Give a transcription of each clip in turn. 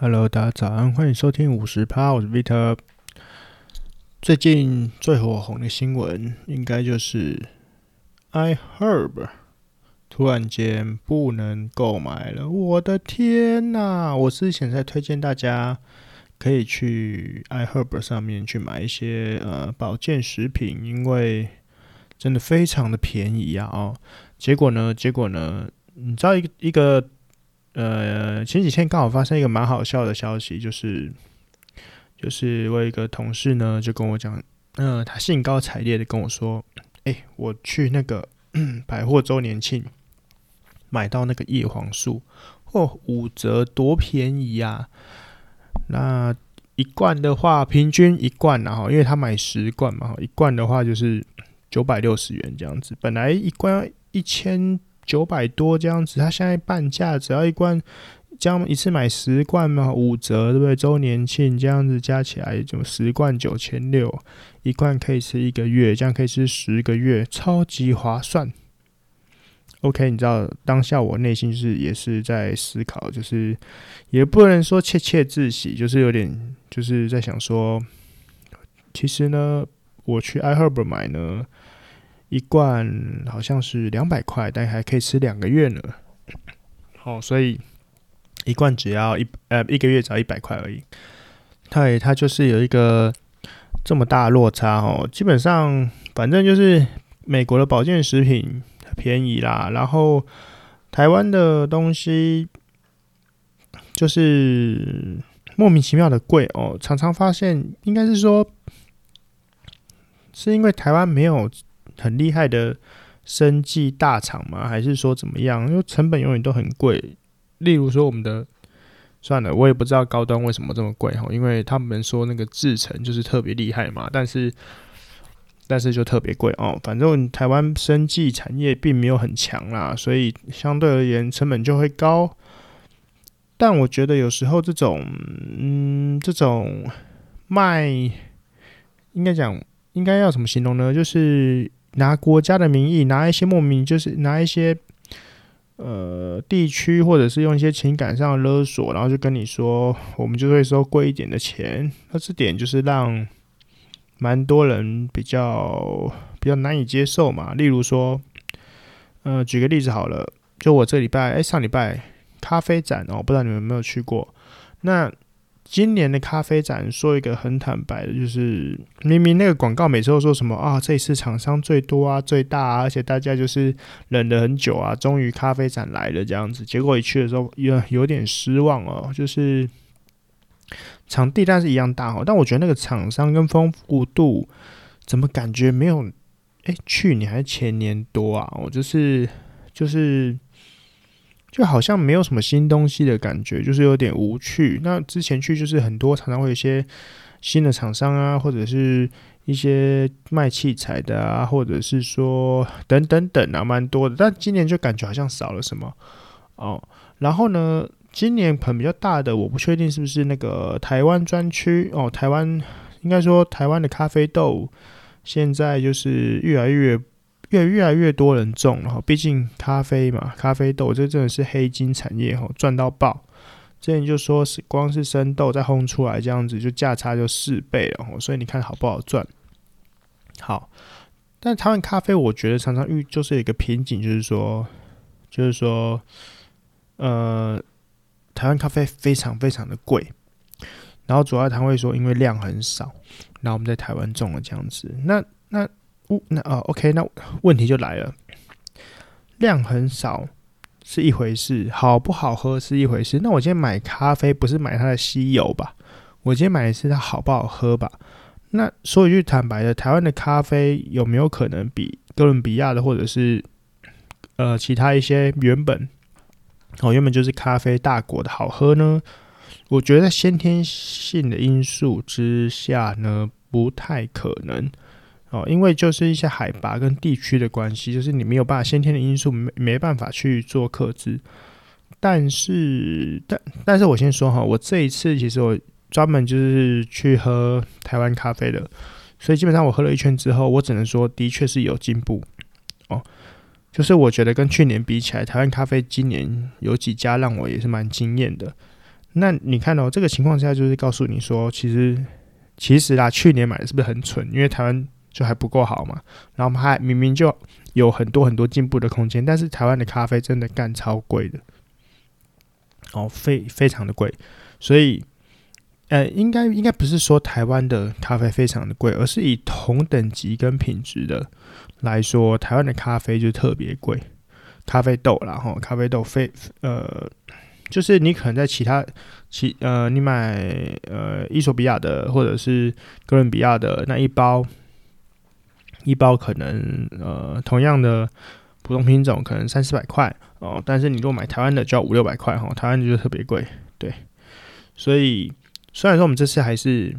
Hello，大家早安，歡迎收聽五十趴，我是 Vito。最近最火紅的新聞，應該就是 iHerb 突然間不能購買了。我的天吶、啊！我之前在推薦大家可以去 iHerb 上面去買一些呃保健食品，因為真的非常的便宜呀、啊、哦。結果呢？結果呢？你知道一個一個。呃，前幾天剛好發生一個蠻好笑的消息，就是就是我有一個同事呢就跟我講，嗯、呃，他興高采烈的跟我說，哎、欸，我去那個百貨周年慶買到那個葉黃素，哦，五折多便宜啊！那一罐的話，平均一罐然後啊，因為他買十罐嘛，一罐的話就是九百六十元這樣子，本來一罐要一千。九百多這樣子，它現在半價，只要一罐，這樣一次買十罐嘛，五折，對不對？周年慶這樣子加起來就十罐九千六，一罐可以吃一個月，這樣可以吃十個月，超級划算。OK，你知道當下我內心是也是在思考，就是也不能說竊竊自喜，就是有點就是在想說，其實呢，我去 iHerb 買呢。一罐好像是兩百塊，但還可以吃兩個月呢。好、哦，所以一罐只要一呃一個月只要一百塊而已。對，它就是有一個這麼大的落差哦。基本上，反正就是美國的保健食品便宜啦，然後台灣的東西就是莫名其妙的貴哦。常常發現，應該是說是因為台灣沒有。很厲害的生技大廠嗎？還是說怎麼樣？因為成本永遠都很貴。例如說，我們的，算了，我也不知道高端為什麼這麼貴哈，因為他們說那個製程就是特別厲害嘛，但是但是就特別貴哦。反正台灣生技產業並沒有很強啦，所以相對而言成本就會高。但我覺得有時候這種嗯，這種賣應該講應該要怎麼形容呢？就是。拿國家的名義，拿一些莫名，就是拿一些，呃，地區或者是用一些情感上的勒索，然後就跟你說，我們就會收貴一點的錢。那這點就是讓蠻多人比較比較難以接受嘛。例如說，呃、舉個例子好了，就我這禮拜，哎、欸，上禮拜咖啡展哦、喔，不知道你們有沒有去過？那。今年的咖啡展，說一個很坦白的，就是明明那個廣告每次都說什麼啊，這次廠商最多啊，最大啊，而且大家就是忍了很久啊，終於咖啡展來了這樣子，結果一去的時候有有點失望哦，就是場地，但是一樣大哦，但我覺得那個廠商跟豐富度，怎麼感覺沒有哎，去年還是前年多啊、哦，我就是就是。就是就好像沒有什麼新東西的感覺，就是有點無趣。那之前去就是很多常常會有一些新的廠商啊，或者是一些賣器材的啊，或者是說等等等啊，蠻多的。但今年就感覺好像少了什麼哦。然後呢，今年盆比較大的，我不確定是不是那個台灣專區哦。台灣應該說台灣的咖啡豆現在就是越來越。越越來越多人種了，畢竟咖啡嘛，咖啡豆這真的是黑金產業哦，賺到爆。之前就說是光是生豆再烘出來這樣子，就價差就四倍了，所以你看好不好賺？好，但台灣咖啡我覺得常常遇就是有一個瓶頸，就是說，就是說，呃，台灣咖啡非常非常的貴，然後主要他會說因為量很少，然後我們在台灣種了這樣子，那那。哦，那啊，哦，OK，那問題就來了。量很少是一回事，好不好喝是一回事。那我今天買咖啡不是買它的稀有吧？我今天買的是它好不好喝吧？那說一句坦白的，台灣的咖啡有沒有可能比哥倫比亞的或者是呃其他一些原本哦原本就是咖啡大國的好喝呢？我覺得在先天性的因素之下呢，不太可能。哦，因為就是一些海拔跟地區的關係，就是你沒有辦法先天的因素沒沒辦法去做克制，但是但但是我先說哈，我這一次其實我專門就是去喝台灣咖啡的，所以基本上我喝了一圈之後，我只能說的確是有進步哦，就是我覺得跟去年比起來，台灣咖啡今年有幾家讓我也是蠻驚艷的。那你看哦，這個情況下就是告訴你說，其實其實啊，去年買的是不是很蠢？因為台灣。就還不夠好嘛，然後他還明明就有很多很多進步的空間，但是台灣的咖啡真的乾超貴的，哦，非非常的貴。所以，呃，應該應該不是說台灣的咖啡非常的貴，而是以同等級跟品質的來說，台灣的咖啡就特別貴。咖啡豆啦，然後咖啡豆非呃，就是你可能在其他其呃，你買呃，伊索比亞的或者是哥倫比亞的那一包，一包可能呃同樣的普通品種，可能三四百塊哦，但是你如果買台灣的就要五六百塊哈、哦，台灣就特別貴，對。所以雖然說我們這次還是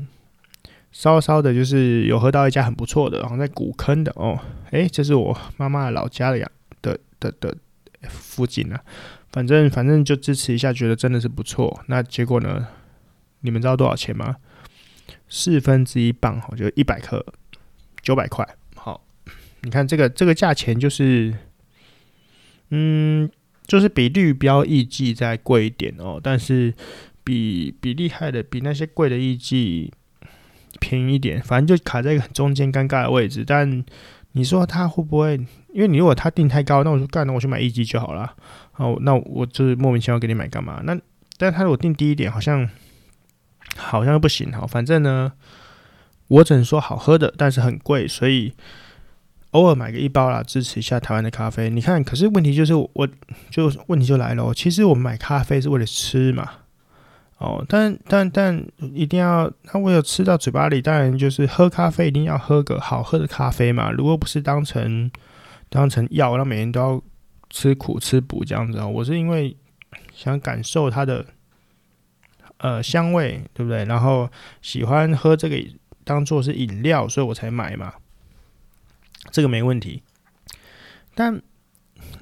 稍稍的，就是有喝到一家很不錯的，好像在古坑的哦，哎、欸，這是我媽媽老家的呀的的的、的附近啊，反正反正就支持一下，覺得真的是不錯。那結果呢，你們知道多少錢嗎？四分之一磅哈，就一百克，九百塊。你看這個這個價錢就是，嗯，就是比綠標藝伎再貴一點哦、喔，但是比比厲害的、比那些貴的藝伎便宜一點，反正就卡在一個很中間尷尬的位置。但你說它會不會？因為你如果它定太高，那我就幹，那我去買藝伎就好了。好，那我，我就是莫名其妙給你買幹嘛？那但它如果定低一點，好像好像不行哈。反正呢，我只能說好喝的，但是很貴，所以。偶爾買個一包啦，支持一下台灣的咖啡。你看，可是問題就是我，我就問題就來了。其實我買咖啡是為了吃嘛，哦，但但但一定要，那我有吃到嘴巴裡，當然就是喝咖啡一定要喝個好喝的咖啡嘛。如果不是當成當成藥，那每天都要吃苦吃補這樣子啊、哦。我是因為想感受它的呃香味，對不對？然後喜歡喝這個當做是飲料，所以我才買嘛。這個沒問題，但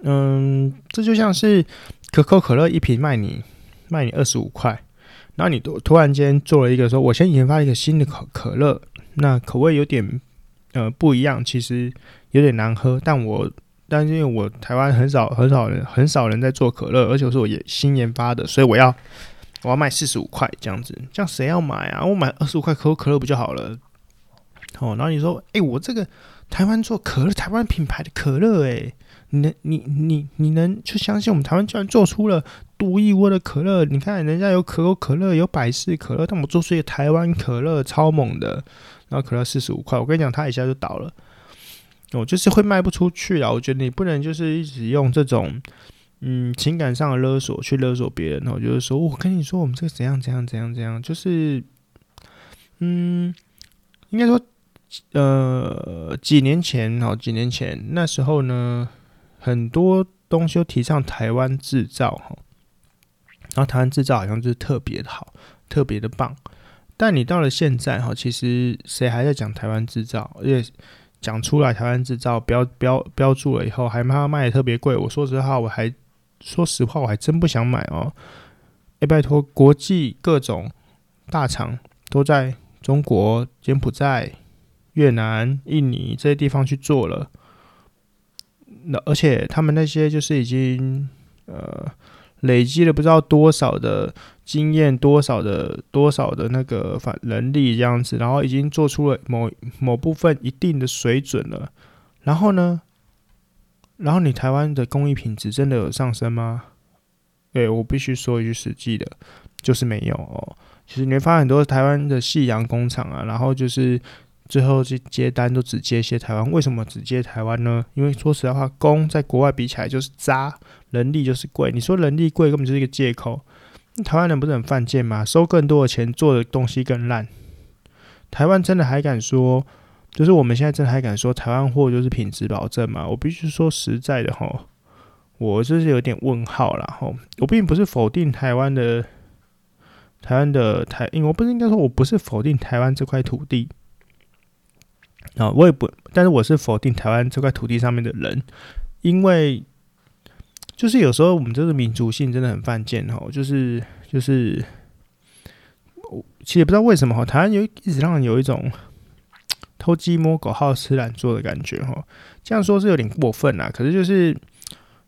嗯，這就像是可口可樂一瓶賣你賣你二十五塊，然後你突突然間做了一個說，我先研發一個新的可可樂，那口味有點呃不一樣，其實有點難喝，但我但是因為我台灣很少很少人很少人在做可樂，而且是我也新研發的，所以我要我要賣四十五塊這樣子，這樣誰要買啊？我買二十五塊可口可樂不就好了？哦，然後你說，哎、欸，我這個。台灣做可樂，台灣品牌的可樂，誒，你能，你你你能就相信我們台灣居然做出了獨一無二的可樂？你看人家有可口可樂，有百事可樂，但我們做出一個台灣可樂超猛的，然後可樂四十五塊，我跟你講，它一下就倒了，我、哦、就是會賣不出去啊！我覺得你不能就是一直用這種嗯情感上的勒索去勒索別人。那我就是說、哦、我跟你說，我們這個怎樣怎樣怎樣怎樣，就是嗯，應該說。呃，幾年前，哦，幾年前那時候呢，很多東西都提倡台灣製造，哈，然後台灣製造好像就是特別的好，特別的棒。但你到了現在，哈，其實誰還在講台灣製造？而且講出來台灣製造標標標注了以後，還賣賣的特別貴。我說實話，我還說實話，我還真不想買哦、喔。誒、欸，拜托，國際各種大廠都在中國、柬埔寨。越南、印尼這些地方去做了，那而且他們那些就是已經呃累積了不知道多少的經驗、多少的多少的那個反人力這樣子，然後已經做出了某某部分一定的水準了。然後呢，然後你台灣的工藝品質真的有上升嗎？對，我必須說一句實際的，就是沒有哦、喔。其實你會發現很多台灣的夕陽工廠啊，然後就是。最後去接單都只接一些台灣，為什麼只接台灣呢？因為說實在話，工在國外比起來就是渣，人力就是貴。你說人力貴，根本就是一個借口。台灣人不是很犯賤嗎？收更多的錢，做的東西更爛。台灣真的還敢說，就是我們現在真的還敢說台灣貨就是品質保證嗎？我必須說實在的哈，我就是有點問號了哈。我並不是否定台灣的台灣的台，因為，欸，我不是應該說，我不是否定台灣這塊土地。啊，我也不，但是我是否定台灣這塊土地上面的人，因為就是有時候我們這個民族性真的很犯賤哦，就是就是，其實也不知道為什麼哈，台灣有一直讓人有一種偷雞摸狗、好吃懶做的感覺哈，這樣說是有點過分啦、啊，可是就是。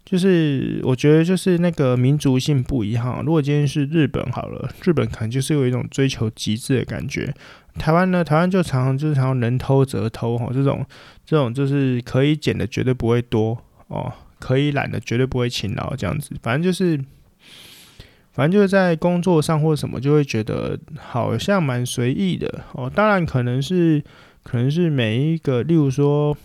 就是我覺得就是那個民族性不一樣啊。如果今天是日本好了，日本可能就是有一種追求極致的感覺。台灣呢，台灣就常就常就是常常能偷則偷哈，這種這種就是可以撿的絕對不會多哦，可以懶的絕對不會勤勞這樣子。反正就是，反正就是在工作上或什麼就會覺得好像蠻隨意的哦。當然可能是可能是每一個，例如說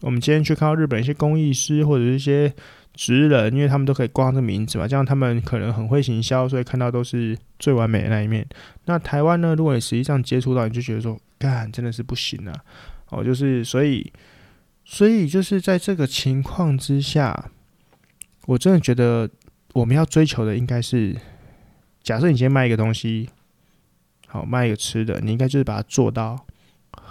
我們今天去看到日本一些工藝師或者一些。職人，因為他們都可以掛上這名字嘛，這樣他們可能很會行銷，所以看到都是最完美的那一面。那台灣呢？如果你實際上接觸到，你就覺得說，幹真的是不行啊。哦。就是所以，所以就是在這個情況之下，我真的覺得我們要追求的應該是，假設你先賣一個東西，好、哦、賣一個吃的，你應該就是把它做到。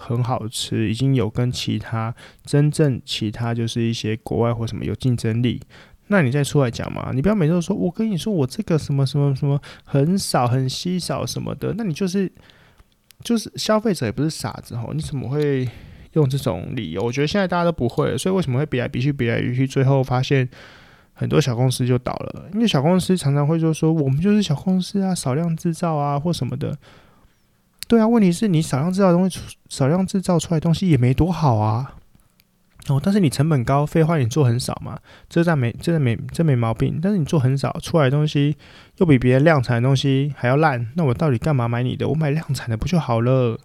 很好吃，已經有跟其他真正其他就是一些國外或什麼有競爭力，那你再出來講嘛，你不要每次都說我跟你說我這個什麼什麼什麼很少很稀少、什麼的，那你就是就是消費者也不是傻子吼，你怎麼會用這種理由？我覺得現在大家都不會了，所以為什麼會比來比去比來比去，最後發現很多小公司就倒了，因為小公司常常會就說我們就是小公司啊，少量製造啊或什麼的。對啊，問題是你少量製造的東西，少量製造出來的東西也沒多好啊。哦，但是你成本高，廢話你做很少嘛，這在沒，這在沒，這沒毛病。但是你做很少，出來的東西又比別人量產的東西還要爛，那我到底幹嘛買你的？我買量產的不就好了？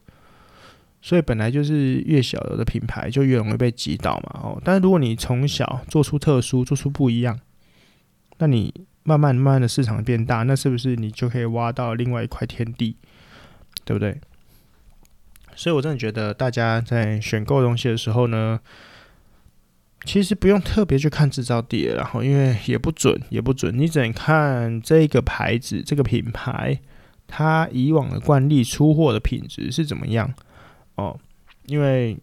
所以本來就是越小的品牌就越容易被擠倒嘛。哦，但是如果你從小做出特殊，做出不一樣，那你慢慢慢慢的市場變大，那是不是你就可以挖到另外一塊天地？對不對？所以我真的覺得，大家在選購東西的時候呢，其實不用特別去看制造地，然後因為也不準，也不準，你只能看這個牌子、這個品牌它以往的慣例出貨的品質是怎麼樣哦，因為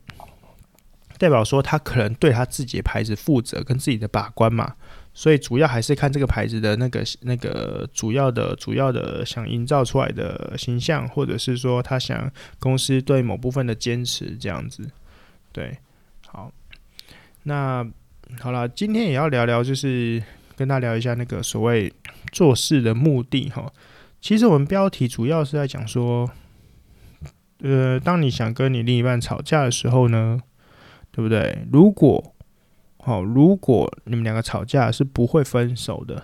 代表說他可能對他自己的牌子負責，跟自己的把關嘛。所以主要還是看這個牌子的那個那個主要的主要的想營造出來的形象，或者是說他想公司對某部分的堅持這樣子，對，好，那好了，今天也要聊聊，就是跟大家聊一下那個所謂做事的目的哈。其實我們標題主要是在講說，呃，當你想跟你另一半吵架的時候呢，對不對？如果好，如果你們兩個吵架是不會分手的，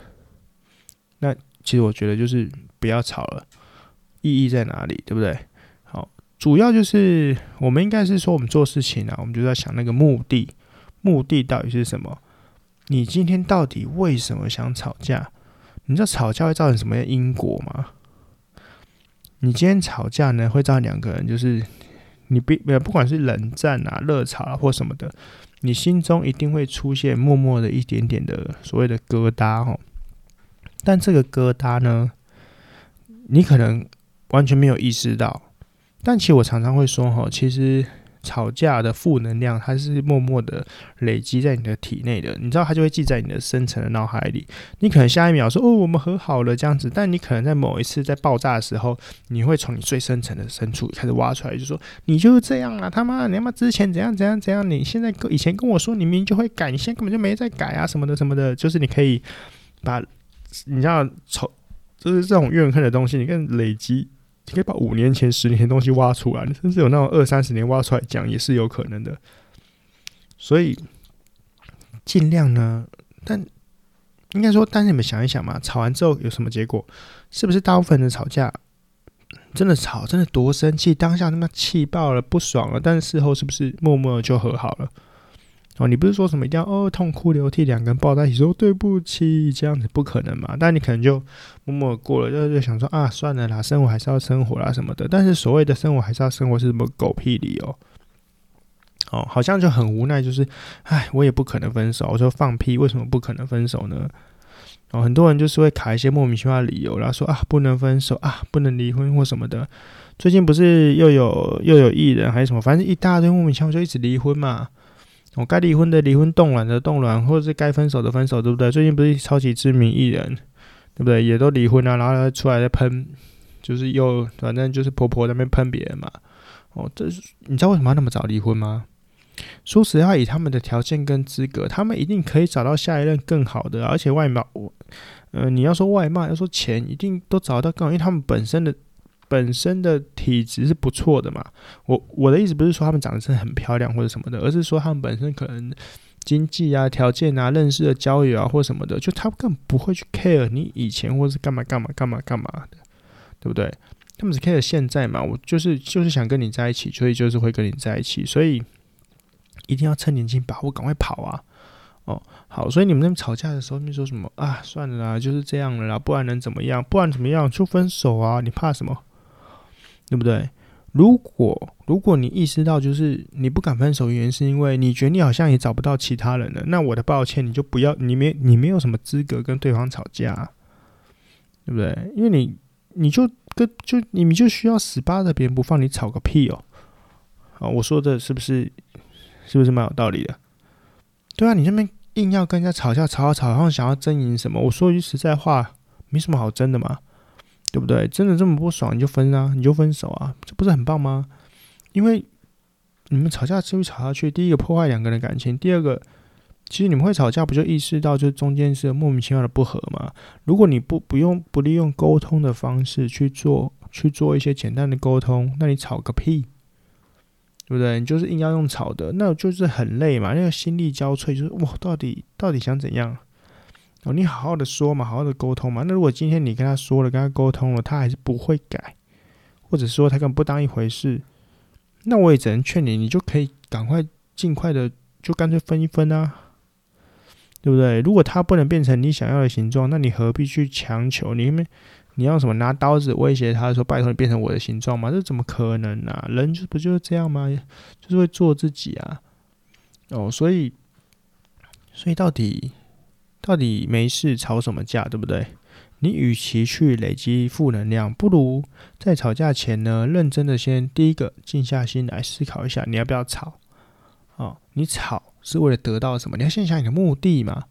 那其實我覺得就是不要吵了，意義在哪裡？對不對？好，主要就是我們應該是說，我們做事情啊，我們就在想那個目的，目的到底是什麼？你今天到底為什麼想吵架？你知道吵架會造成什麼樣因果嗎？你今天吵架呢，會造成兩個人就是你不不管是冷戰啊、熱吵啊或什麼的。你心中一定會出現默默的一點點的所謂的疙瘩哦，但這個疙瘩呢，你可能完全沒有意識到。但其實我常常會說哈，其實。吵架的負能量，它是默默的累積在你的體內的，你知道它就會記在你的深層的腦海裡。你可能下一秒說：“哦，我們和好了這樣子。”但你可能在某一次在爆炸的時候，你會從你最深層的深處開始挖出來，就說：“你就是這樣啊，他媽，你他媽之前怎樣怎樣怎樣，你現在跟以前跟我說，你明明就會改，你現在根本就沒在改啊，什麼的什麼的。”就是你可以把，你知道，從就是這種怨恨的東西，你更累積。你可以把五年前、十年前的東西挖出來，甚至有那種二三十年挖出來講也是有可能的。所以盡量呢，但應該說，但是你們想一想嘛，吵完之後有什麼結果？是不是大部分人吵架真的吵，真的多生氣，當下他媽氣爆了、不爽了，但是事後是不是默默就和好了？哦，你不是說什麼一定要哦痛哭流涕，兩個人抱在一起說對不起這樣子不可能嘛？但你可能就默默過了，就就想說啊，算了啦，生活還是要生活啦什麼的。但是所謂的生活還是要生活是什麼狗屁理由？哦，好像就很無奈，就是唉，我也不可能分手。我說放屁，為什麼不可能分手呢？哦，很多人就是會卡一些莫名其妙的理由啦，然後說啊不能分手啊，不能離婚或什麼的。最近不是又有又有藝人還是什麼，反正一大堆莫名其妙就一直離婚嘛。我、哦、該離婚的離婚，凍卵的凍卵，或者是該分手的分手，對不對？最近不是超級知名藝人，對不對？也都離婚了，啊，然後出來再噴，就是又反正就是婆婆在那邊噴別人嘛。哦，這你知道為什麼要那麼早離婚嗎？說實話，以他們的條件跟資格，他們一定可以找到下一任更好的，啊，而且外貌，我，呃，你要說外貌，要說錢，一定都找得到更好，因為他們本身的。本身的體質是不錯的嘛，我我的意思不是說他們長得真的很漂亮或者什麼的，而是說他們本身可能經濟啊、條件啊、認識的交友啊或什麼的，就他們根本不會去 care 你以前或是幹嘛幹嘛幹嘛幹嘛的，對不對？他們只 care 現在嘛，我就是就是想跟你在一起，所以就是會跟你在一起，所以一定要趁年輕把握，趕快跑啊！哦，好，所以你們在那吵架的時候，你說什麼啊？算了啦，就是這樣了啦，不然能怎麼樣？不然怎麼樣就分手啊？你怕什麼？對不對？如果如果你意識到，就是你不敢分手，原因是因為你覺得你好像也找不到其他人了。那我的抱歉，你就不要，你沒你沒有什麼資格跟對方吵架，啊，對不對？因為你你就跟就你們就需要死扒着別人不放，你吵個屁哦！啊、哦，我說的是不是是不是蠻有道理的？對啊，你這邊硬要跟人家吵架，吵吵吵，然後想要爭贏什麼？我說句實在話，沒什麼好爭的嘛。對不對？真的這麼不爽你就分啊，你就分手啊，這不是很棒嗎？因為你們吵架就會吵下去，第一個破壞兩個人的感情，第二個，其實你們會吵架不就意識到這中間是莫名其妙的不合嗎？如果你不不用不利用溝通的方式去做去做一些簡單的溝通，那你吵個屁，對不對？你就是硬要用吵的，那就是很累嘛，那個心力交瘁就是哇，到底到底想怎樣？哦，你好好的說嘛，好好的溝通嘛。那如果今天你跟他說了，跟他溝通了，他還是不會改，或者說他根本不當一回事，那我也只能勸你，你就可以趕快、盡快的，就干脆分一分啊，對不對？如果他不能變成你想要的形狀，那你何必去強求？你你用什麼拿刀子威脅他說：“拜托你變成我的形狀嘛。”這怎麼可能呢？人就不就是這樣嗎？就是會做自己啊。哦，所以，所以到底。到底沒事吵什麼架，對不對？你與其去累積負能量，不如在吵架前呢，認真的先第一個靜下心來思考一下，你要不要吵？哦，你吵是為了得到什麼？你要先想你的目的嘛。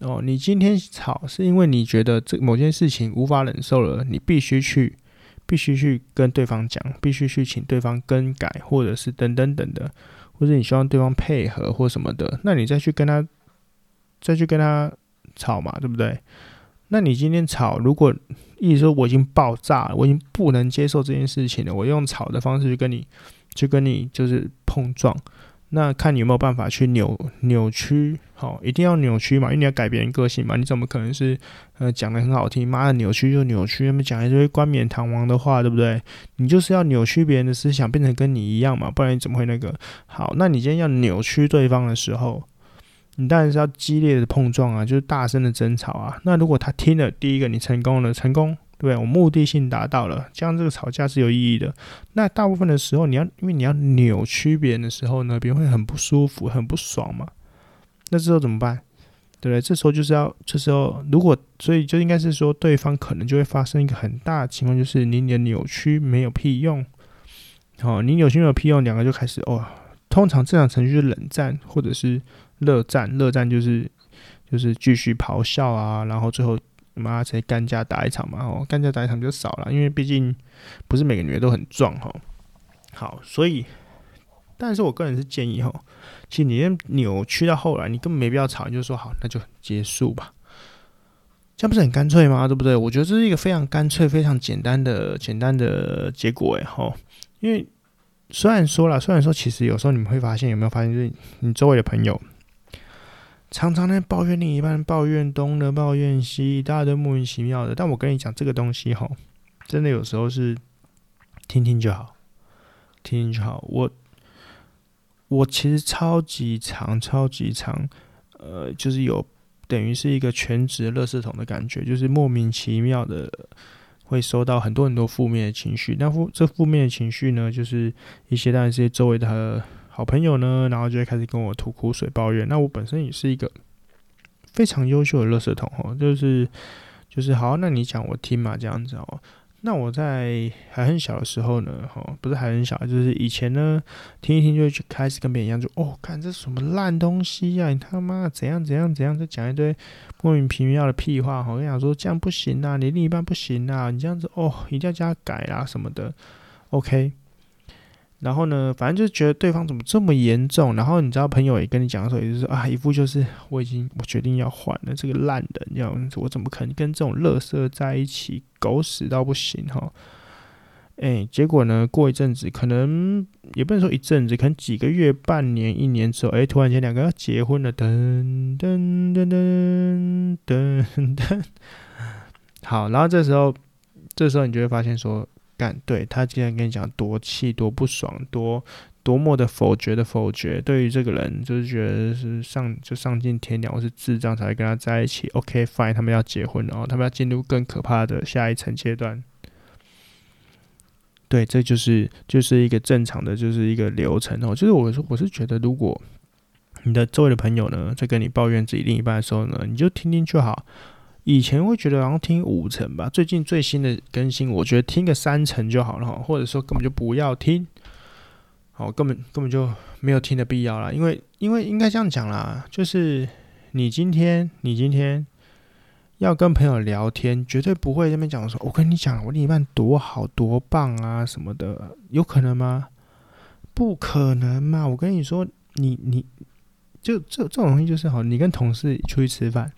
哦，你今天吵是因為你覺得這某件事情無法忍受了，你必須去，必須去跟對方講，必須去請對方更改，或者是等等等的，或者你希望對方配合或什麼的，那你再去跟他。再去跟他吵嘛，對不對？那你今天吵，如果意思說我已經爆炸了，我已經不能接受這件事情了，我用吵的方式去跟你，去跟你就是碰撞，那看你有沒有辦法去扭扭曲，好，一定要扭曲嘛，因為你要改別人個性嘛，你怎麼可能是呃講得很好聽，媽的扭曲就扭曲，那麼講一堆冠冕堂皇的話，對不對？你就是要扭曲別人的思想，變成跟你一樣嘛，不然你怎麼會那個？好，那你今天要扭曲對方的時候。你當然是要激烈的碰撞啊，就是大聲的爭吵啊。那如果他聽了第一個，你成功了，成功，對，我目的性達到了，這樣這個吵架是有意義的。那大部分的時候，你要因為你要扭曲別人的時候呢，別人會很不舒服，很不爽嘛。那這時候怎麼辦？對不對？這時候就是要，這時候如果所以就應該是說，對方可能就會發生一個很大的情況，就是你你的扭曲沒有屁用。好、哦，你扭曲沒有屁用，兩個就開始哦。通常正常程序是冷戰，或者是。熱戰，熱戰就是就是繼續咆哮啊，然後最後媽才幹架打一場嘛，哦，幹架打一場就少了，因為畢竟不是每個女的都很壯哈、哦。好，所以但是我個人是建議哈、哦，其實你先扭曲到後來，你根本沒必要吵，你就說好，那就結束吧，這樣不是很乾脆嗎？對不對？我覺得這是一個非常乾脆、非常簡單的、簡單的結果哎，哈、哦。因為雖然說啦，雖然說其實有時候你們會發現有沒有發現，就是你周圍的朋友。常常在抱怨另一半，抱怨東的，抱怨西，大家都莫名其妙的。但我跟你講，這個東西吼，真的有時候是聽聽就好，聽聽就好。我我其實超級長，超級長，呃，就是有等於是一個全職垃圾桶的感覺，就是莫名其妙的會收到很多很多負面的情緒。那負這負面的情緒呢，就是一些當然，是周圍他。好朋友呢，然後就會開始跟我吐苦水、抱怨。那我本身也是一個非常優秀的垃圾桶哦，就是就是好，那你講我聽嘛這樣子哦。那我在還很小的時候呢，吼，不是還很小，就是以前呢，聽一聽就去開始跟別人一樣，就哦，看這是什麼爛東西呀、啊，你他媽怎樣怎樣怎樣，再講一堆莫名其妙的屁話。我跟你講說這樣不行吶、啊，你另一半不行吶、啊，你這樣子哦，一定要加改啊什麼的，OK。然後呢，反正就覺得對方怎麼這麼嚴重？然後你知道朋友也跟你講的時候，也就是說啊，一副就是我已經我決定要換了，了這個爛人要，這樣我怎麼可能跟這種垃圾在一起，狗屎到不行哈、哦！哎，結果呢，過一陣子，可能也不能說一陣子，可能幾個月、半年、一年之後，哎，突然間兩個要結婚了，噔噔噔噔噔噔。好，然後這時候，這時候你就會發現說，對，他今天跟你講多氣多不爽，多多麼的否決的否決，對於這個人就是覺得是上就喪盡天良，我是智障才會跟他在一起。OK fine，他們要結婚，然後他們要進入更可怕的下一層階段。對，這就是就是一個正常的就是一個流程哦。就是我是我是覺得，如果你的周圍的朋友呢在跟你抱怨自己另一半的時候呢，你就聽聽就好。以前我會覺得好像聽五成吧，最近最新的更新，我覺得聽個三成就好了哈，或者說根本就不要聽，好，根本根本就沒有聽的必要啦，因為因為應該這樣講啦，就是你今天你今天要跟朋友聊天，絕對不會這邊講說，我跟你講，我另一半多好多棒啊什麼的，有可能嗎？不可能嘛，我跟你說，你你就這這種東西就是好，你跟同事出去吃飯。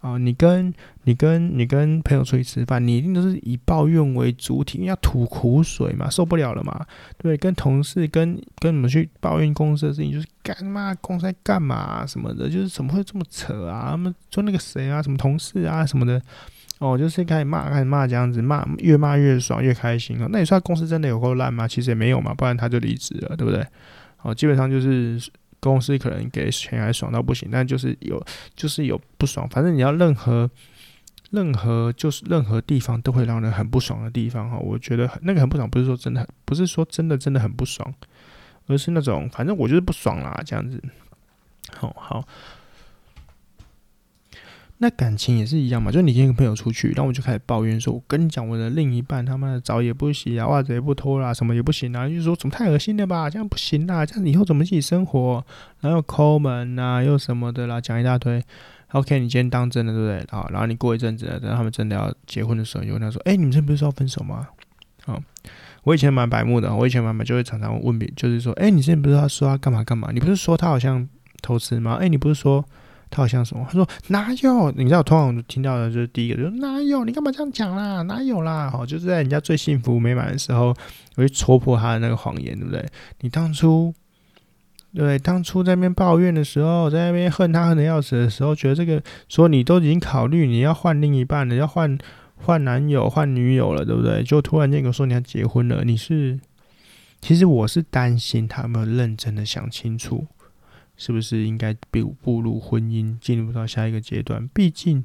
啊、哦，你跟你跟你跟朋友出去吃飯，你一定都是以抱怨為主題，你要吐苦水嘛，受不了了嘛，對？跟同事跟跟你們去抱怨公司的事情，就是幹嘛公司在幹嘛、啊、什麼的，就是怎麼會這麼扯啊？他們說那個誰啊，什麼同事啊什麼的，哦，就是開始罵，開始罵這樣子，罵越罵越爽，越開心了、哦。那你說他公司真的有夠爛嗎？其實也沒有嘛，不然他就離職了，對不對？哦，基本上就是。公司可能給錢還爽到不行，但就是有，就是有不爽。反正你要任何，任何就是任何地方都會讓人很不爽的地方哈。我覺得那個很不爽不是說真的很，不是說真的，不是說真的，真的很不爽，而是那種反正我就是不爽啦，這樣子。好好。那感情也是一樣嘛，就是你今天跟朋友出去，然後我就開始抱怨說，說我跟你講，我的另一半他媽的澡也不洗啊，襪子也不脫啦、啊，什麼也不行啊，就說怎麼太惡心了吧，這樣不行啦、啊，這樣以後怎麼一起生活？然後又摳門啊，又什麼的啦，講一大堆。OK，你今天當真的對不對？好，然後你過一陣子，等到他們真的要結婚的時候，你就問他說，哎、欸，你們這不是要分手嗎？啊、哦，我以前蠻白目的，我以前媽媽就會常常問別人，就是說，哎、欸，你之前不是要說要、啊、幹嘛幹嘛？你不是說他好像偷吃嗎？哎、欸，你不是說？他好像什麼？他說哪有？你知道，我通常聽到的，就是第一個就是哪有？你幹嘛這樣講啦？哪有啦？好，就是在人家最幸福美滿的時候，我就戳破他的那個謊言，對不對？你當初，對，當初在那邊抱怨的時候，在那邊恨他恨得要死的時候，覺得這個說你都已經考慮你要換另一半了，要換換男友換女友了，對不對？就突然間跟我說你要結婚了，你是其實我是擔心他有沒有認真的想清楚。是不是應該步步入婚姻，進入到下一個階段？畢竟，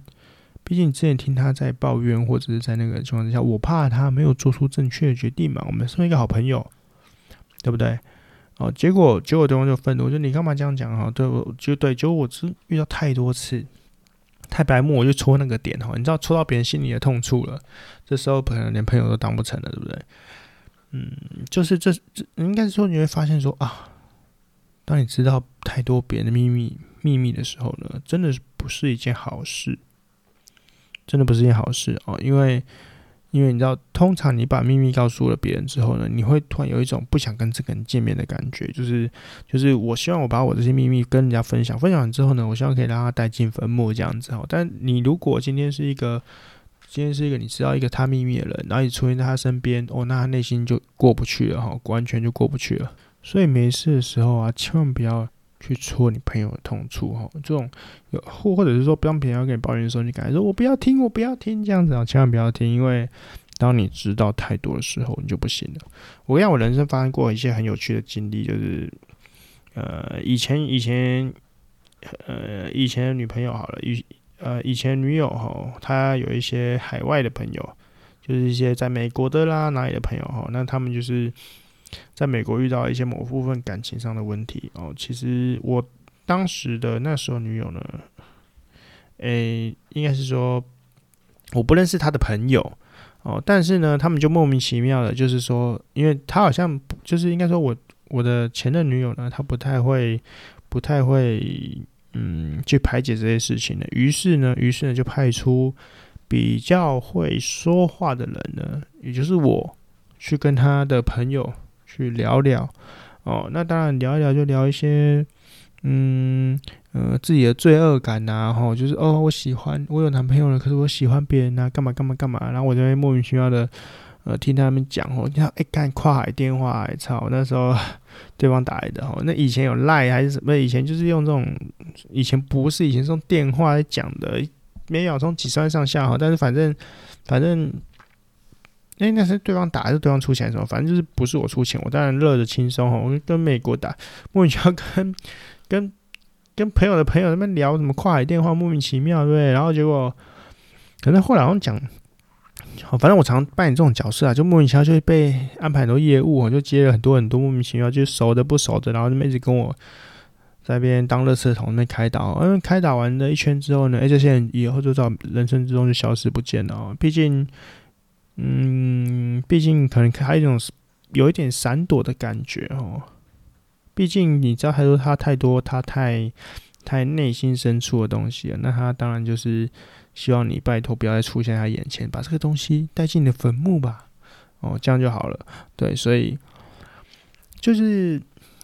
畢竟之前聽他在抱怨，或者是在那個情況之下，我怕他沒有做出正確的決定嘛。我們身為一個好朋友，對不對？哦，結果結果對方就憤怒，就你幹嘛這樣講啊？對，就對，結果我這遇到太多次，太白目，我就戳那個點哈。你知道，戳到別人心裡的痛處了，這時候可能連朋友都當不成了，對不對？嗯，就是這這，應該是說你會發現說啊。當、啊、你知道太多別人的秘密，秘密的時候呢，真的是不是一件好事？真的不是一件好事啊，哦，因為，因為你知道，通常你把秘密告訴了別人之後呢，你會突然有一種不想跟這個人見面的感覺，就是，就是我希望我把我的這些秘密跟人家分享，分享完之後呢，我希望可以讓他帶進墳墓這樣子哦。但你如果今天是一個，今天是一個你知道一個他秘密的人，然後你出現在他身邊哦，那他內心就過不去了哈，哦，完全就過不去了。所以沒事的時候啊，千萬不要去戳你朋友的痛處哈。這種有或或者是說，不讓別人要跟你抱怨的時候，你感覺說我不要聽，我不要聽這樣子啊，千萬不要聽，因為當你知道太多的時候，你就不行了。我跟你講，我人生發生過一些很有趣的經歷，就是呃以前以前呃以前的女朋友好了，以呃以前女友哈，她有一些海外的朋友，就是一些在美國的啦哪裡的朋友哈，那他們就是。在美國遇到一些某部分感情上的問題哦，其實我當時的那時候女友呢，誒、欸，應該是說我不認識她的朋友哦，但是呢，他們就莫名其妙的，就是說，因為她好像就是應該說我我的前任女友呢，她不太會不太會嗯去排解這些事情的，於是呢，於是呢就派出比較會說話的人呢，也就是我去跟她的朋友。去聊聊，哦，那當然聊一聊就聊一些，嗯、呃自己的罪惡感啊。吼就是哦，我喜歡我有男朋友了，可是我喜歡別人啊，幹嘛幹嘛幹嘛，然後我就會莫名其妙的呃聽他們講哦，你看哎幹跨海電話還吵，那時候對方打來的吼，那以前有 LINE 還是什麼，以前就是用這種以前不是以前這種電話在講的，每秒鐘幾十萬上下哈，但是反正反正。哎、欸，那是對方打還是對方出錢是什麼？反正就是不是我出錢，我當然樂得輕鬆哦。我跟美國打，莫名其妙跟、跟、跟朋友的朋友那邊聊什麼跨海電話，莫名其妙，對不對？然後結果，可能後來好像講、喔，反正我常扮演這種角色啊，就莫名其妙就被安排很多業務，我就接了很多很多莫名其妙，就是熟的不熟的，然後就一直跟我在那邊當垃圾桶，那開導，嗯，開導完了一圈之後呢，就現在以後就到人生之中就消失不見了，畢竟。嗯，畢竟可能還有一種有一點閃躲的感覺哦。畢竟你知道太多他太多，他太太內心深處的東西了，那他當然就是希望你拜託不要再出現在他眼前，把這個東西帶進你的墳墓吧。哦，這樣就好了。對，所以就是，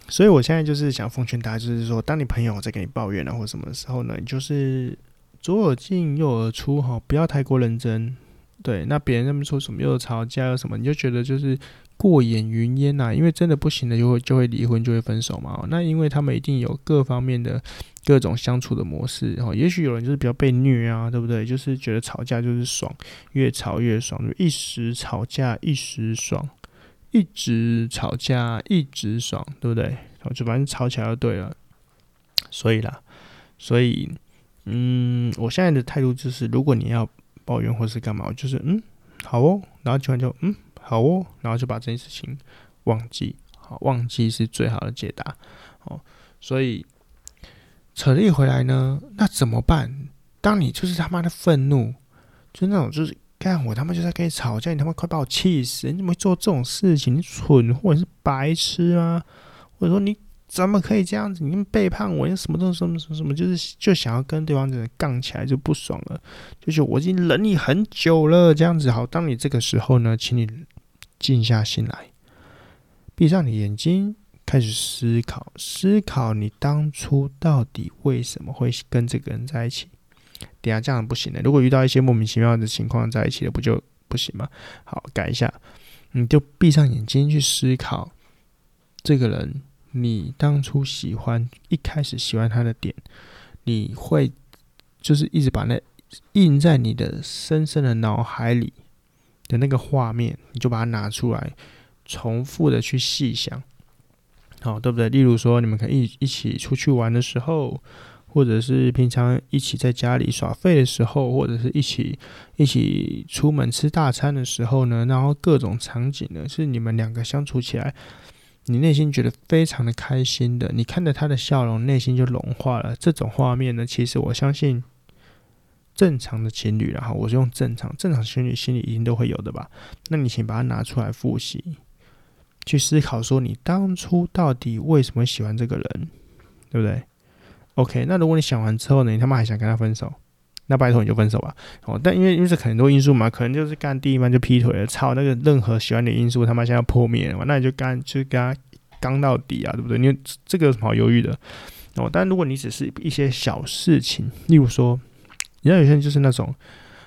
所以我現在就是想奉勸大家，就是說，當你朋友在跟你抱怨了、啊、或什麼的時候呢，你就是左耳進右耳出哈、哦，不要太過認真。對，那別人那邊說什麼又吵架又什麼，你就覺得就是過眼雲煙吶，因為真的不行了就會就會離婚就會分手嘛，喔。那因為他們一定有各方面的各種相處的模式，然後，喔，也許有人就是比較被虐啊，對不對？就是覺得吵架就是爽，越吵越爽，就一時吵架一時爽，一直吵架，一直，吵架一直爽，對不對？就反正吵起來就對了。所以啦，所以嗯，我現在的態度就是，如果你要。抱怨或是幹嘛，我就是嗯好哦，然後就就嗯好哦，然後就把這件事情忘記，好，忘記是最好的解答哦。所以扯回來呢，那怎麼辦？當你就是他媽的憤怒，就是、那種就是幹我他媽就在跟你吵架，你他媽快把我氣死！你怎麼做這種事情？你蠢或者是白痴啊！或者說你。怎麼可以這樣子？你們背叛我！你什麼都什麼什麼什麼，就是就想要跟對方的人槓起來就不爽了。就是我已經忍你很久了，這樣子好。當你這個時候呢，請你靜下心來，閉上你眼睛，開始思考，思考你當初到底為什麼會跟這個人在一起。等下這樣不行的，如果遇到一些莫名其妙的情況在一起了，不就不行嗎？好，改一下，你就閉上眼睛去思考這個人。你當初喜歡，一開始喜歡他的點，你會就是一直把那印在你的深深的腦海裡的那個畫面，你就把它拿出來，重複的去細想，好，對不對？例如說，你們可以一起出去玩的時候，或者是平常一起在家裡耍廢的時候，或者是一起一起出門吃大餐的時候呢，然後各種場景呢，是你們兩個相處起來，你內心覺得非常的開心的，你看着他的笑容，內心就融化了。這種畫面呢，其實我相信正常的情侶，然後我是用正常正常情侶心裡一定都會有的吧？那你請把它拿出來複習，去思考說你當初到底為什麼喜歡這個人，對不對？OK，那如果你想完之後呢，你他媽還想跟他分手？那拜託你就分手吧。哦，但因為因為這很多因素嘛，可能就是幹第一班就劈腿了，操那個任何喜歡的因素，他媽現在要破滅了嘛，那你就幹就跟他剛到底啊，對不對？你這個有什麼好猶豫的？哦，但如果你只是一些小事情，例如說，人家有些人就是那種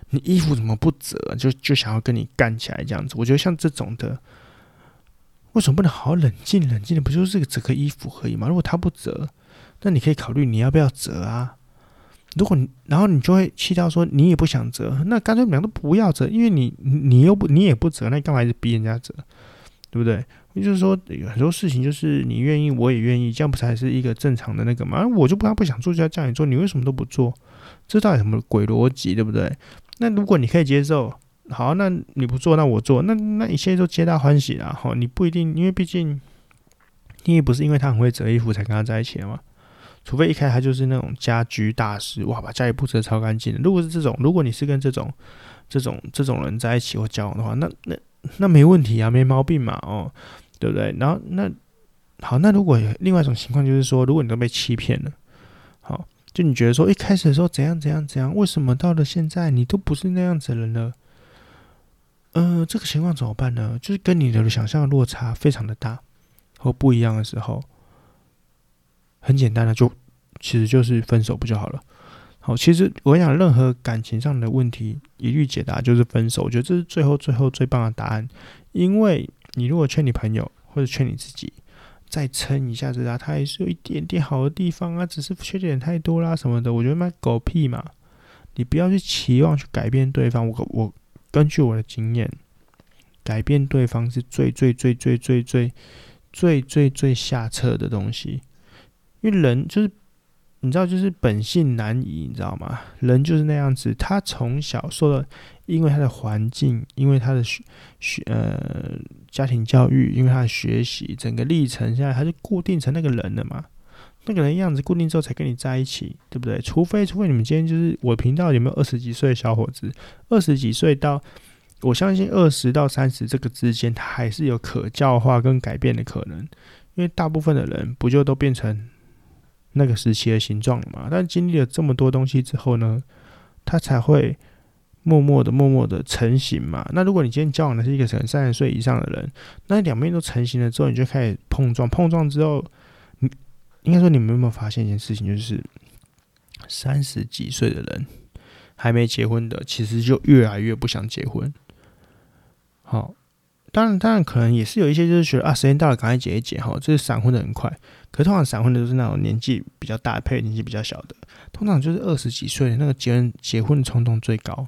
你衣服怎麼不折，就就想要跟你幹起來這樣子。我覺得像這種的，為什麼不能好好冷靜冷靜的？不就是這個折個衣服而已嗎？如果他不折，那你可以考慮你要不要折啊。如果你然後你就會氣到說你也不想折，那乾脆兩個都不要折，因為你你，你又不你也不折，那你幹嘛一直逼人家折，對不對？也就是說有很多事情就是你願意我也願意，這樣不才是一個正常的那個嘛。我就不，他不想做就要叫你做，你為什麼都不做？這到底什麼鬼邏輯，對不對？那如果你可以接受，好，那你不做，那我做，那那一切都皆大歡喜了吼。你不一定，因為畢竟你也不是因為他很會折衣服才跟他在一起的嘛。除非一開始他就是那種家居大師，哇，把家裡布置的超乾淨的。如果是這種，如果你是跟這種、這種、這種人在一起或交往的話，那那那沒問題啊，沒毛病嘛、喔，哦，對不對？然後那好，那如果另外一種情況就是說，如果你都被欺騙了，好，就你覺得說一開始的時候怎樣怎樣怎樣，為什麼到了現在你都不是那樣子了呢？嗯、呃，這個情況怎麼辦呢？就是跟你的想象落差非常的大或不一樣的時候。很簡單的，就其實就是分手不就好了？好，其實我想，任何感情上的問題，一律解答就是分手。我覺得這是最後、最後、最棒的答案。因為你如果勸你朋友，或者勸你自己，再撐一下子啊，他還是有一點點好的地方啊，只是缺點太多啦什麼的。我覺得嘛，狗屁嘛，你不要去期望去改變對方。我我根據我的經驗，改變對方是最最最最最最最最最下策的東西。因為人就是，你知道，就是本性難移，你知道嗎？人就是那樣子，他從小受到，因為他的環境，因為他的學學呃家庭教育，因為他的學習整個歷程下來，現在他就固定成那個人了嘛。那個人樣子固定之後，才跟你在一起，對不對？除非，除非你們今天就是我頻道有沒有二十幾歲的小伙子？二十幾歲到，我相信二十到三十這個之間，他還是有可教化跟改變的可能。因為大部分的人不就都變成？那個時期的形狀嘛，但經歷了這麼多東西之後呢，他才會默默的、默默的成型嘛。那如果你今天交往的是一個可能三十歲以上的人，那兩面都成型了之後，你就開始碰撞。碰撞之後，你應該說，你們有沒有發現一件事情，就是三十幾歲的人還沒結婚的，其實就越來越不想結婚。好，當然，當然可能也是有一些就是覺得啊，時間到了，趕快結一結哈，這是閃婚的很快。可通常閃婚的都是那種年紀比較大配年紀比較小的，通常就是二十幾歲那個結婚結婚衝動最高，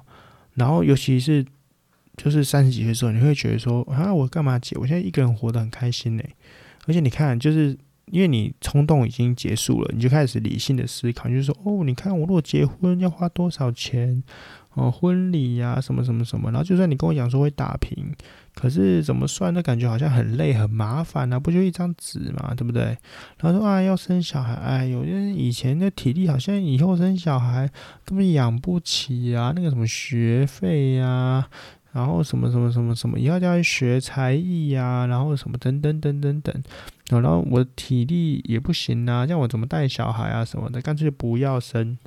然後尤其是就是三十幾歲的時候，你會覺得說啊，我幹嘛結？我現在一個人活得很開心呢，欸，而且你看就是。因為你衝動已經結束了，你就開始理性的思考，就是說，哦，你看我如果結婚要花多少錢，哦，婚禮呀、啊，什麼什麼什麼，然後就算你跟我講說會打平，可是怎麼算呢？那感覺好像很累、很麻煩啊，不就一張紙嘛，對不對？然後說啊、哎，要生小孩，哎，有些人以前的體力好像以後生小孩根本養不起啊，那個什麼學費呀、啊，然後什麼什麼什麼什麼，要叫他學才藝呀、啊，然後什麼等等等等等，等。然後我體力也不行啊，讓我怎麼帶小孩啊什麼的，乾脆就不要生。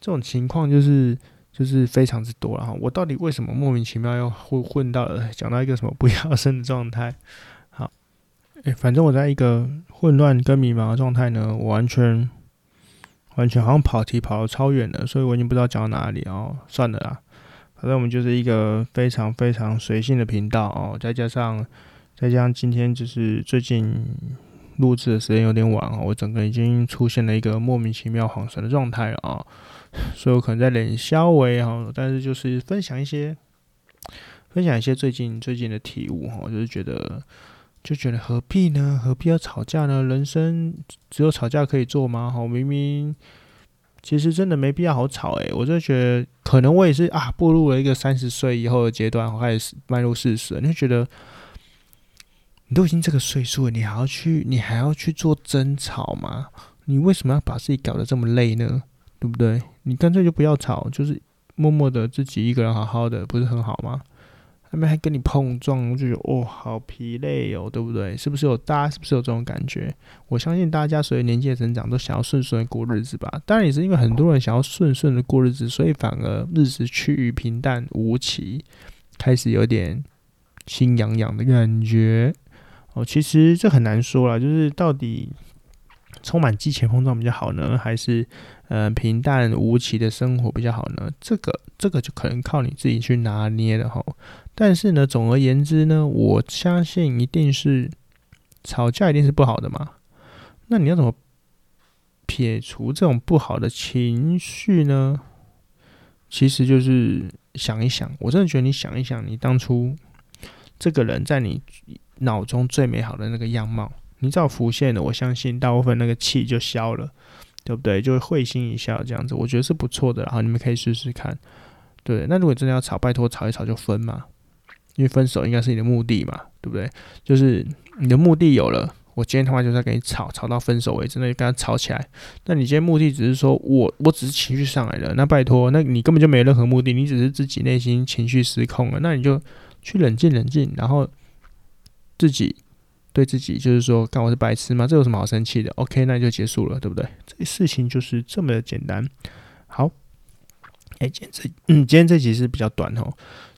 這種情況就是就是非常之多了哈。我到底為什麼莫名其妙要混混到講到一個什麼不要生的狀態？好，哎，反正我在一個混亂跟迷茫的狀態呢，我完全完全好像跑題跑得超遠了，所以我已經不知道講到哪裡啊、哦。算了啦，反正我們就是一個非常非常隨性的頻道哦，再加上。再加上今天就是最近錄製的時間有點晚啊，我整個已經出現了一個莫名其妙恍神的狀態了啊，所以我可能在臉稍微哈，但是就是分享一些分享一些最近最近的體悟哈，就是覺得就覺得何必呢？何必要吵架呢？人生只有吵架可以做嗎？哈，明明其實真的沒必要好吵哎，欸，我就覺得可能我也是啊，步入了一個三十歲以後的階段，我開始邁入四十，你就覺得。你都已經這個歲數了，你還要去，你還要去做爭吵嗎？你為什麼要把自己搞得這麼累呢？對不對？你乾脆就不要吵，就是默默的自己一個人好好的，不是很好嗎？他們還跟你碰撞，我就覺得哦，好疲累哦，對不對？是不是有，大家是不是有這種感覺？我相信大家隨着年紀的成長，都想要順順的過日子吧。當然也是因為很多人想要順順的過日子，所以反而日子趨於平淡無奇，開始有點心癢癢的感覺。哦，其實這很難說啦，就是到底充滿激情碰撞比較好呢，還是嗯、呃，平淡無奇的生活比較好呢？這個這個就可能靠你自己去拿捏了齁。但是呢，總而言之呢，我相信一定是吵架一定是不好的嘛。那你要怎麼撇除這種不好的情緒呢？其實就是想一想，我真的覺得你想一想，你當初這個人，在你。腦中最美好的那個樣貌，你只要浮現了，我相信大部分那個氣就消了，對不對？就會會心一笑這樣子，我覺得是不錯的。然後你們可以試試看，對。那如果真的要吵，拜託吵一吵就分嘛，因為分手應該是你的目的嘛，對不對？就是你的目的有了，我今天的話就在跟你吵，吵到分手為止，那就跟他吵起來。那你今天目的只是說我，我只是情緒上來了，那拜託，那你根本就沒有任何目的，你只是自己內心情緒失控了，那你就去冷靜冷靜，然後。自己對自己就是說，看我是白痴嗎？這有什麼好生氣的？OK，那就結束了，對不對？這個事情就是這麼簡單。好，哎、欸，今天這嗯，今天這集是比較短哦。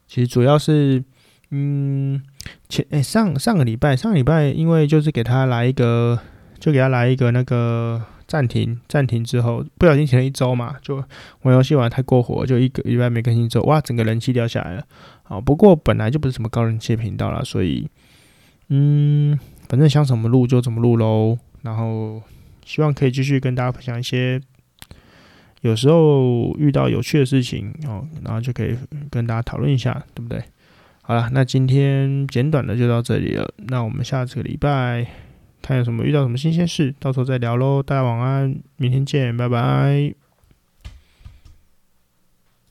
其實主要是，嗯，前哎、欸，上上個禮拜，上個禮拜因為就是給他來一個，就給他來一個那個暫停，暫停之後不小心停了一周嘛，就玩遊戲玩太過火，就一個禮拜沒更新之後，哇，整個人氣掉下來了。好，不過本來就不是什麼高人氣的頻道了，所以。嗯，反正想怎麼錄就怎麼錄嘍。然後希望可以繼續跟大家分享一些，有時候遇到有趣的事情哦，然後就可以跟大家討論一下，對不對？好了，那今天簡短的就到這裡了。那我們下個禮拜看有什麼遇到什麼新鮮事，到時候再聊嘍。大家晚安，明天見，拜拜。